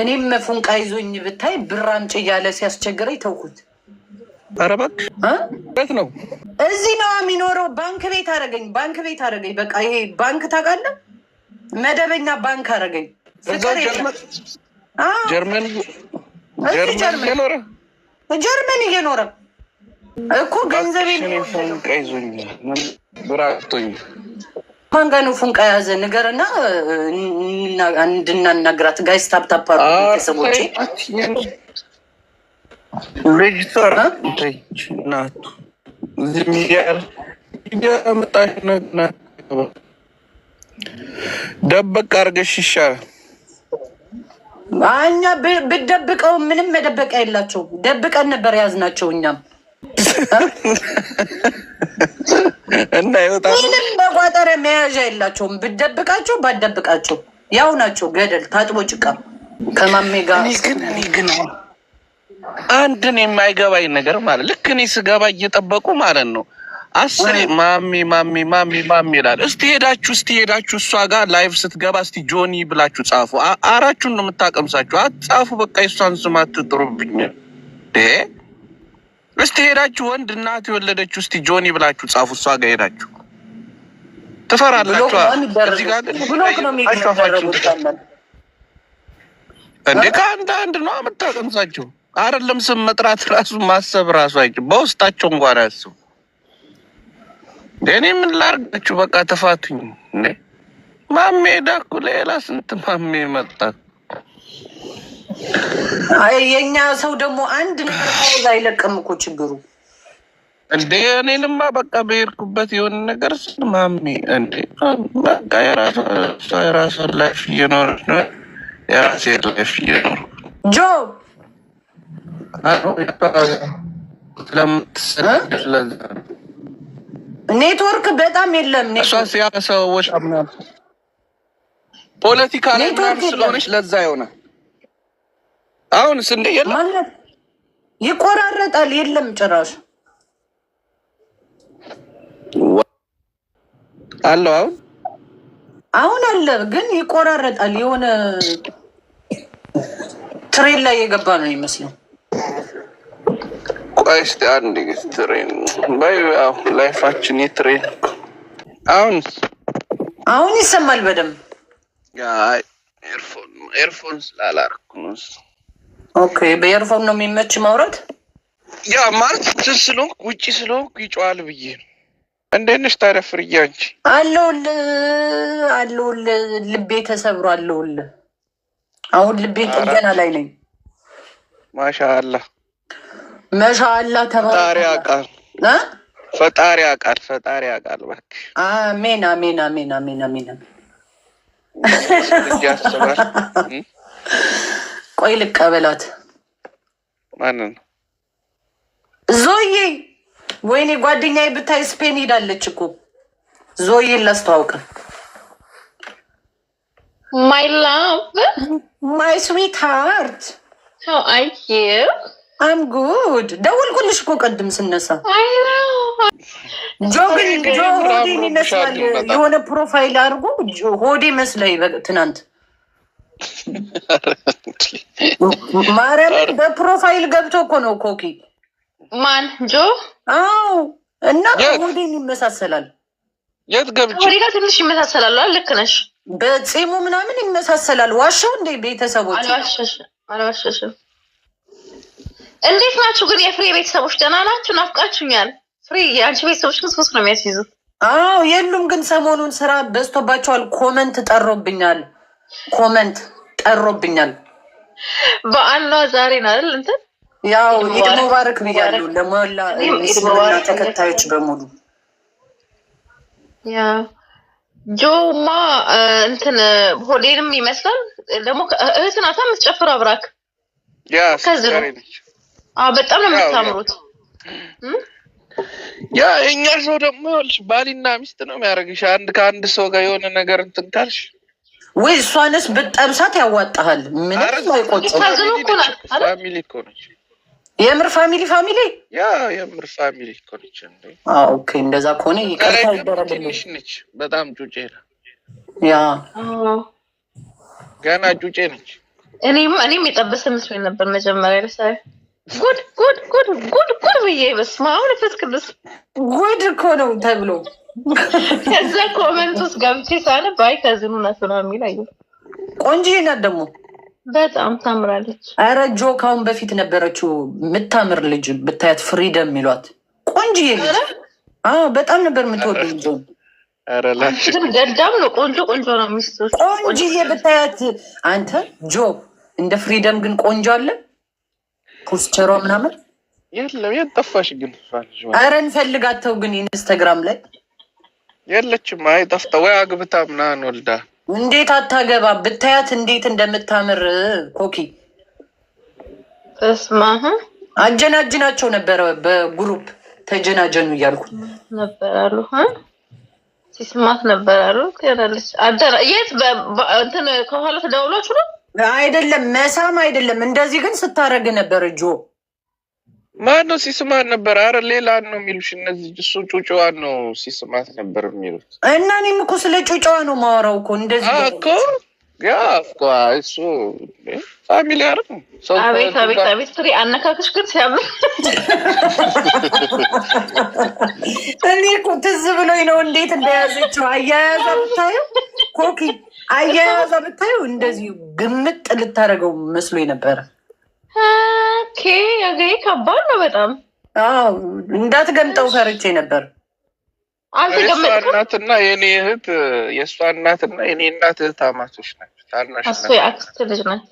እኔም መፉንቃ ይዞኝ ብታይ ብር አምጪ እያለ ሲያስቸግረኝ ተውኩት። ኧረ እባክህ ነው? እዚህ ነው የሚኖረው። ባንክ ቤት አደረገኝ፣ ባንክ ቤት አደረገኝ። በቃ ይሄ ባንክ ታውቃለህ፣ መደበኛ ባንክ አደረገኝ። ጀርመን ጀርመን እየኖረ እኮ ገንዘቤ ብራቶኝ ማን ጋር ነው ፉንቃ የያዘ ነገር እና እንድናናግራት ጋይስ ታፕታፓ ቤተሰቦቼ ሬጅስተር ናቱ ደበቅ አድርገሽ ይሻላል። እኛ ብደብቀው ምንም መደበቂያ የላቸው። ደብቀን ነበር የያዝናቸው እኛም እና ምንም መያዣ የላቸውም። ብደብቃቸው ባደብቃቸው ያው ናቸው። ገደል ታጥቦ ጭቃ ከማሜ ጋር ግን እኔ ግን አንድን የማይገባኝ ነገር ማለት ልክ እኔ ስገባ እየጠበቁ ማለት ነው አስሬ ማሚ ማሚ ማሚ ማሚ ይላል። እስቲ ሄዳችሁ እስቲ ሄዳችሁ እሷ ጋር ላይቭ ስትገባ እስቲ ጆኒ ብላችሁ ጻፉ። አራችሁን ነው የምታቀምሳችሁ። አትጻፉ በቃ የሷን ስም አትጥሩብኝ። እስቲ ሄዳችሁ ወንድ እናት የወለደችው እስቲ ጆኒ ብላችሁ ጻፉ። እሷ ጋር ሄዳችሁ ትፈራላችሁ። እንዴ ከአንድ አንድ ነው የምታቀምሳቸው። አይደለም ስም መጥራት ራሱ ማሰብ ራሱ አይ በውስጣቸው እንኳን አያስቡ። እኔ ምን ላርጋችሁ? በቃ ተፋቱኝ። ማሜ ሄዳ እኮ ሌላ ስንት ማሜ መጣ የእኛ ሰው ደግሞ አንድ ነገር ሀይል አይለቅም እኮ ችግሩ እንዴ። እኔንማ በቃ በሄድኩበት የሆነ ነገር ስማሚ እንዴ በቃ የራሷን ላይፍ እየኖረች ነው። የራሴ ላይፍ እየኖር ጆ ኔትወርክ በጣም የለም። ሰዎች ፖለቲካ ላይ ስለሆነች ለዛ ይሆናል አሁን ስንዴ የለም ማለት ይቆራረጣል፣ የለም ጭራሽ አለው። አሁን አሁን አለ፣ ግን ይቆራረጣል። የሆነ ትሬን ላይ የገባ ነው ይመስለው። ቆይ እስኪ አንድ ትሬን ባይ ላይፋችን የትሬን አሁን አሁን ይሰማል በደንብ ኤርፎን ኤርፎን ስላላርኩ ነው ኦኬ። በኤርፎን ነው የሚመች ማውራት። ያ ማለት ስስ ስለሆንኩ ውጭ ስለሆንኩ ይጨዋል ብዬ ነው። እንዴት ነሽ ታዲያ ፍርዬ? አንቺ አለሁልህ አለሁልህ። ልቤ ተሰብሮ አለሁልህ። አሁን ልቤ ጥገና ላይ ነኝ። ማሻአላ መሻአላ ተፈጣሪ ያውቃል፣ ፈጣሪ ያውቃል፣ ፈጣሪ ያውቃል። እባክህ አሜን፣ አሜን፣ አሜን፣ አሜን፣ አሜን ቆይ ልቀበላት። ማንን? ዞዬ። ወይኔ ጓደኛዬ ብታይ ስፔን ሄዳለች እኮ። ዞዬን ላስተዋውቅ። ማይ ላቭ ማይ ስዊት ሃርት ሃው አር ዩ? አም ጉድ። ደወልኩልሽ እኮ ቅድም ስነሳ። ጆ ግን ጆ ሆዴን ይመስላል የሆነ ፕሮፋይል አድርጎ ሆዴ መስላኝ ትናንት ማርያምን በፕሮፋይል ገብቶ እኮ ነው ኮኪ ማን ጆ? አዎ። እና ሆዴን ይመሳሰላል። የት ገብቼ ጋር ትንሽ ይመሳሰላል። ልክ ነሽ። በፂሙ ምናምን ይመሳሰላል። ዋሻው እንደ ቤተሰቦች አልዋሸሽም። እንዴት ናችሁ ግን የፍሬ ቤተሰቦች? ደህና ናችሁ? ናፍቃችሁኛል። ፍሬ የአንቺ ቤተሰቦች ግን ሶስት ነው የሚያስይዙት። አዎ የሉም ግን ሰሞኑን ስራ በዝቶባቸዋል። ኮመንት ጠሮብኛል ኮመንት ጠሮብኛል። በአሏ ዛሬ አይደል? እንትን ያው ኢድ ሙባረክ ብያለሁ ለሞላ ሙስሊምና ተከታዮች በሙሉ። ያ ጆማ እንትን ሆዴንም ይመስላል ደግሞ እህት ናታ የምትጨፍር አብራክ ከዚህ በጣም ነው የምታምሩት። ያ የእኛ ሰው ደግሞ ባልና ሚስት ነው የሚያደርግሽ። አንድ ከአንድ ሰው ጋር የሆነ ነገር እንትን ካልሽ ወይ እሷነስ ብጠብሳት ያዋጣሃል። ምንም አይቆጥም። የምር ፋሚሊ ፋሚሊ ያ የምር ፋሚሊ እኮ ነች። ኦኬ እንደዛ ከሆነ ይቅርታ ይደረግልሽ። ነች በጣም ጩጬ ነው። ያ ገና ጩጬ ነች። እኔም እኔም የጠበሰ መስሎኝ ነበር መጀመሪያ ላይ ጉድ ጉድ ጉድ ጉድ ጉድ ብዬ በስመ አብ ወመንፈስ ቅዱስ ጉድ እኮ ነው ተብሎ ከዛ ኮመንት ውስጥ ገብቼ ሳለ ባይ ከዝኑ ነት ነው የሚል አየሁ። ቆንጆ ናት ደግሞ በጣም ታምራለች። አረ ጆ ካሁን በፊት ነበረችው የምታምር ልጅ ብታያት ፍሪደም የሚሏት ቆንጆ ልጅ በጣም ነበር የምትወዱ ልጅ ገዳም ነው። ቆንጆ ቆንጆ ነው ሚስቶች ቆንጆ ብታያት አንተ ጆ እንደ ፍሪደም ግን ቆንጆ አለ ፖስቸሯ ምናምን የለም የጠፋሽ ግን አረ እንፈልጋተው ግን ኢንስታግራም ላይ የለችም። አይ ጠፍታ ወይ አግብታ ምናምን ወልዳ እንዴት አታገባ ብታያት እንዴት እንደምታምር ኮኪ እስማ አጀናጅናቸው ነበረ። በግሩፕ ተጀናጀኑ እያልኩ ነበራሉ ሲስማት ነበራሉ። አደረ የት እንትን ከኋላ ተደውሏችሁ ነው አይደለም መሳም አይደለም እንደዚህ ግን ስታረግ ነበር እጆ ነው ሲስማት ነበር? አረ ሌላን ነው የሚሉሽ እነዚህ። እሱ ጩጫዋን ነው ሲስማት ነበር የሚሉት እና እኔም እኮ ስለ ጩጫዋ ነው ማወራው እኮ እንደዚህ እኮ እሱ ፋሚሊ አር አቤት አቤት አቤት ፍሬ አነካክሽ ግን ሲያምር እኔ እኮ ትዝ ብሎኝ ነው እንዴት እንደያዘችው አያያዛ ብታዩ ኮኪ አያያዛ ብታዩ እንደዚሁ ግምጥ ልታደርገው መስሎ ነበረ። ኦኬ አገሬ ከባድ ነው በጣም አዎ። እንዳትገምጠው ፈርቼ ነበር። አልተገመጥናትና የኔ እህት የእሷ እናትና የኔ እናት እህት አማቶች ናቸው። ታናሽ የአክስት ልጅ ናት።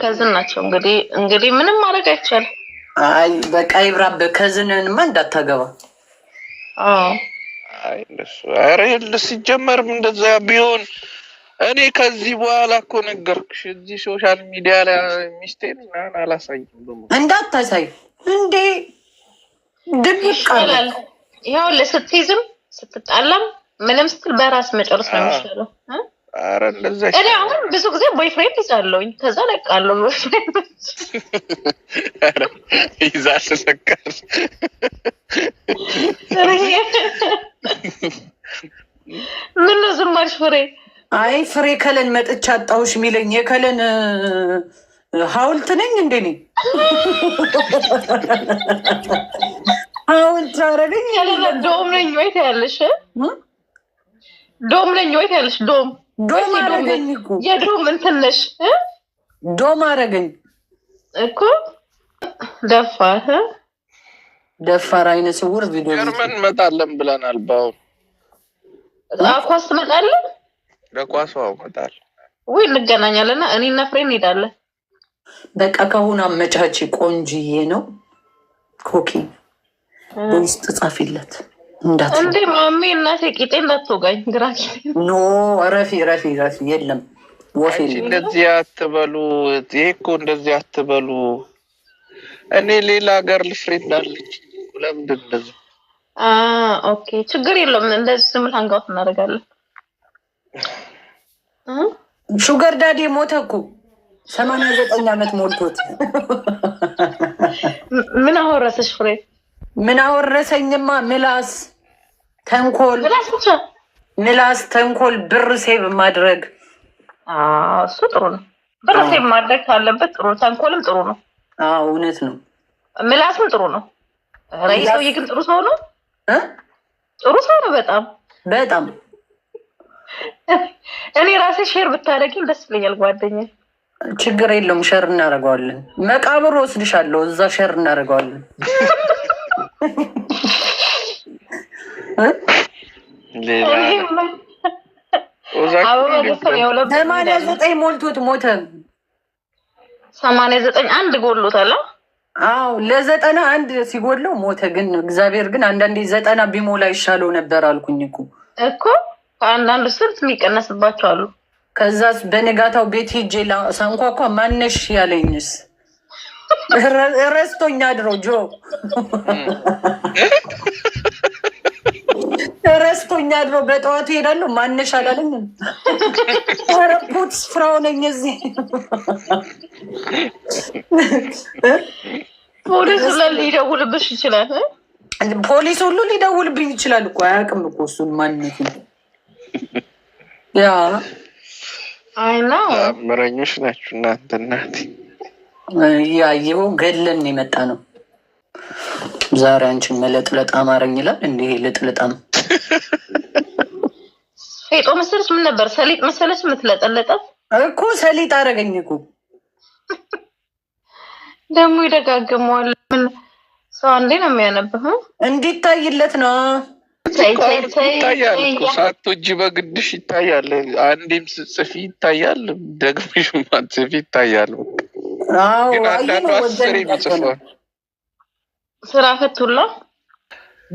ከዝን ናቸው። እንግዲህ እንግዲህ ምንም ማድረግ አይቻልም። አይ በቃ ይብራብ ከዝንንማ እንዳታገባ። አዎ አይ ሲጀመርም እንደዛ ቢሆን እኔ ከዚህ በኋላ እኮ ነገርኩሽ፣ እዚህ ሶሻል ሚዲያ ላይ ሚስቴን ምናምን አላሳይም። እንዳታሳይ እንዴ ይሻላል። ያው ስትይዝም ስትጣላም ምንም ስትል በራስ መጨረስ ነው የሚሻለው። እኔ አሁን ብዙ ጊዜ ቦይፍሬንድ ይዛለውኝ ከዛ ለቃለሁ። ቦይፍሬንድ ይዛ ለቃል ምን ነው ዝም አልሽ ፍሬ አይ ፍሬ ከለን መጥቻ አጣሁሽ የሚለኝ የከለን ሐውልት ነኝ እንዴ? እኔ ሐውልት አረገኝ ዶም ነኝ ወይ ትያለሽ? ዶም ነኝ ወይ ትያለሽ? ዶም ዶም አረገኝ እኮ የዶም እንትን ነሽ። ዶም አረገኝ እኮ ደፋር ደፋር አይነ ስውር ቪዲዮ ጀርመን መጣለን ብለናል። በአሁን አኳስ ትመጣለን ለኳሱ አውቆታል። ወይ እንገናኛለና እኔና ፍሬ እንሄዳለን። በቃ ከሁን አመቻች ቆንጅዬ ነው ኮኪ ውስጥ ጻፊለት እንዴ ማሜ እናቴ ቂጤ እንዳትወጋኝ ግራ ኖ ረፊ ረፊ ረፊ የለም ወፊ እንደዚህ አትበሉ። ይሄ እኮ እንደዚህ አትበሉ። እኔ ሌላ ሀገር ልፍሬ እንዳለች ለምንድን እንደዚህ ኦኬ፣ ችግር የለውም እንደዚህ ስምል ሀንጋውት እናደርጋለን። ሹገር ዳዲ ሞተ እኮ ሰማንያ ዘጠኝ ዓመት ሞልቶት። ምን አወረሰሽ ፍሬ? ምን አወረሰኝማ? ምላስ፣ ተንኮል፣ ምላስ፣ ተንኮል፣ ብር ሴብ ማድረግ እሱ ጥሩ ነው። ብር ሴብ ማድረግ ካለበት ጥሩ ነው። ተንኮልም ጥሩ ነው። እውነት ነው። ምላስም ጥሩ ነው። ረይ ሰውዬ ግን ጥሩ ሰው ነው። ጥሩ ሰው ነው። በጣም በጣም እኔ ራሴ ሼር ብታደረጊም ደስ ብለኛል ጓደኛ ችግር የለውም ሸር እናደርገዋለን። መቃብር ወስድሻለሁ፣ እዛ ሸር እናደርገዋለን። ሰማንያ ዘጠኝ ሞልቶት ሞተ። ሰማንያ ዘጠኝ አንድ ጎሎታል። አዎ ለዘጠና አንድ ሲጎለው ሞተ። ግን እግዚአብሔር ግን አንዳንዴ ዘጠና ቢሞላ ይሻለው ነበር አልኩኝ እኮ እኮ ከአንዳንድ ስርት የሚቀነስባቸው አሉ። ከዛ በንጋታው ቤት ሄጄ ሳንኳኳ ማነሽ ያለኝስ ረስቶኛ ድሮ ጆ ረስቶኛ ድሮ በጠዋቱ ሄዳለሁ። ማነሽ አላለኝም። ረፖት ስፍራው ነኝ እዚህ ፖሊስ ሊደውልብሽ ይችላል። ፖሊስ ሁሉ ሊደውልብኝ ይችላል እኮ አያውቅም እኮ እሱን ማንነት ምረኞች ናችሁ እናንተ። እናት ያየው ገለን የመጣ ነው ዛሬ። አንቺን መለጥለጥ አማረኝ ይላል። እንዲህ ልጥልጣም ፌጦ መሰለች። ምን ነበር ሰሊጥ መሰለች የምትለጠለጠት እኮ ሰሊጥ አረገኝ እኮ። ደግሞ ይደጋግመዋል። ምን ሰው አንዴ ነው የሚያነብህ። እንዲታይለት ነው ይታያል እኮ ሳትወጂ በግድሽ ይታያል። አንዴም ስጽፊ ይታያል፣ ደግመሽ ማትጽፊ ይታያል። ግን አንዳንዱ አስር የሚጽፏል ስራ ፈቱላ ሁላ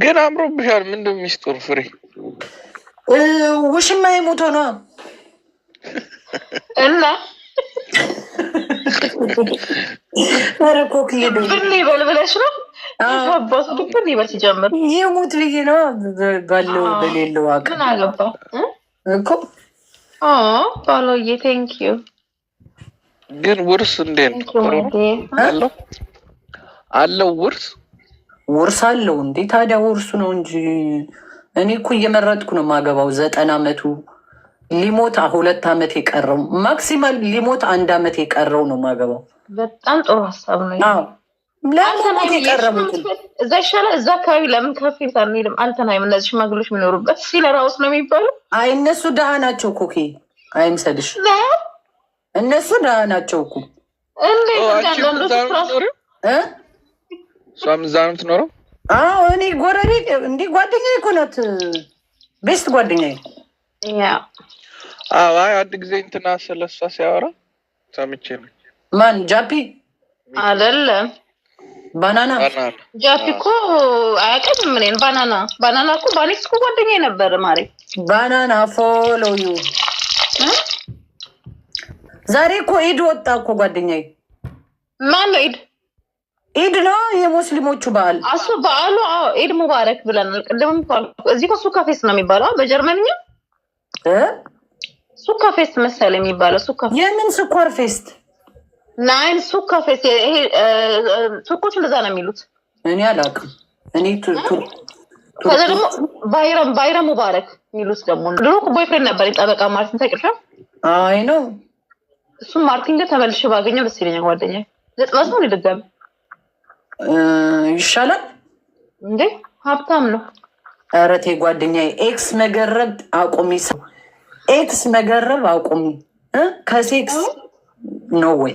ግን አምሮብሻል። ምንድን ሚስጥሩ ፍሬ? ውሽማ የሞቶ ነው እና ኧረ ኮክሌ ብሌ በልብለሽ ነው አባቱ ድብር ይበል ሲጀምር ነው ባለው በሌለው ምን እኮ ባሎዬ ቴንክ ዩ። ግን ውርስ እንዴት ነው አለው? ውርስ ውርስ አለው እንዴ? ታዲያ ውርሱ ነው እንጂ እኔ እኮ እየመረጥኩ ነው ማገባው። ዘጠና አመቱ ሊሞት ሁለት አመት የቀረው ማክሲማል ሊሞት አንድ አመት የቀረው ነው ማገባው። በጣም ጥሩ ሀሳብ ነው። ለሞት እዛ ይሻላል። እዛ አካባቢ ለምን ካፌት አንሄድም? አልተናይም። እነዚህ የሚኖሩበት ነው የሚባለው። አይ እነሱ ናቸው። ኮኬ አይምሰልሽ፣ እነሱ ናቸው እኮ እሷም እዛ ነው የምትኖረው። አዎ እኔ ጎረቤት እንዲህ እኮ ናት፣ ቤስት ጓደኛዬ። አዎ አይ አንድ ጊዜ እንትና ሲያወራ ሰምቼ ነው። ማን ጃፒ አይደለም ባናና ጃፒ እኮ አያውቅም። እኔን ባናና ባናና እኮ ባኔክስ እኮ ጓደኛ ነበር። ማሪ ባናና ፎሎ ዩ ዛሬ እኮ ኢድ ወጣ እኮ ጓደኛዬ። ማን ነው ኢድ? ኢድ ነው የሙስሊሞቹ በዓል። እሱ በዓሉ ኢድ ሙባረክ ብለናል። ቅድም እዚህ ሱካ ፌስ ነው የሚባለው በጀርመንኛ ሱካ ፌስት መሰለኝ የሚባለው ሱካ የምን ስኳር ፌስት ናይን ሱቅ ከፌስ ይሄ ሱቆች እንደዛ ነው የሚሉት። እኔ አላውቅም። እኔ ከዛ ደግሞ ባይረም ባይረ ሙባረክ የሚሉት ደግሞ ድሮ ቦይፍሬንድ ነበር ጠበቃ ማርቲን ተቅሻ አይ ነው እሱም ማርቲን ጋር ተመልሼ ባገኘው ደስ ይለኛል። ጓደኛ ለጥበስ ነው ሊደጋሚ ይሻላል እንዴ ሀብታም ነው። ኧረ ተይ ጓደኛ ኤክስ መገረብ አቁሚ፣ ሰው ኤክስ መገረብ አቁሚ። ከሴክስ ነው ወይ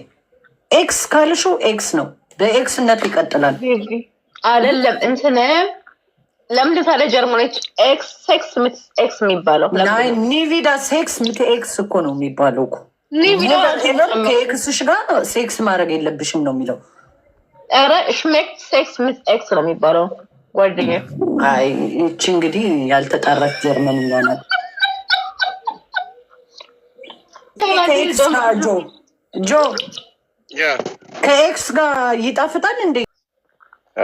ኤክስ ካልሹ ኤክስ ነው፣ በኤክስነት ይቀጥላል። አይደለም እንትን ለምን ሳለ ጀርመኖች ኤክስ ሴክስ ምት ኤክስ የሚባለው ኒቪዳ ሴክስ ምት ኤክስ እኮ ነው የሚባለው እኮ ከኤክስሽ ጋር ሴክስ ማድረግ የለብሽም ነው የሚለው። ኧረ ሽሜክ ሴክስ ምት ኤክስ ነው የሚባለው። ጓደኛ ይቺ እንግዲህ ያልተጣራች ጀርመን ናት። ጆ ጆ ከኤክስ ጋር ይጣፍጣል እንዴ?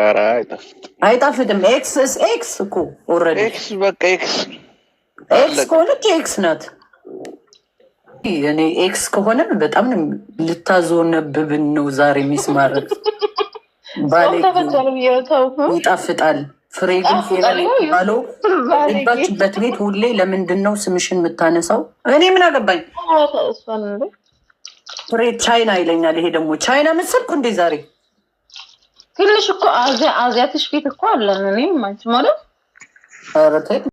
ኧረ አይጣፍጥም። ኤክስ እስ ኤክስ እኮ ኦልሬዲ ኤክስ በቃ ኤክስ ኤክስ ከሆነች ኤክስ ናት። እኔ ኤክስ ከሆነ በጣም ነው ልታዞነብብን ነው ዛሬ የሚስማረት ይጣፍጣል። ፍሬ ግን ባለው ባችበት ቤት ሁሌ ለምንድን ነው ስምሽን የምታነሳው? እኔ ምን አገባኝ ፍሬ ቻይና ይለኛል። ይሄ ደግሞ ቻይና መሰልኩ እንዴ? ዛሬ ትንሽ እኮ አዚያትሽ ፊት እኮ አለን እኔም አንቺ ማለት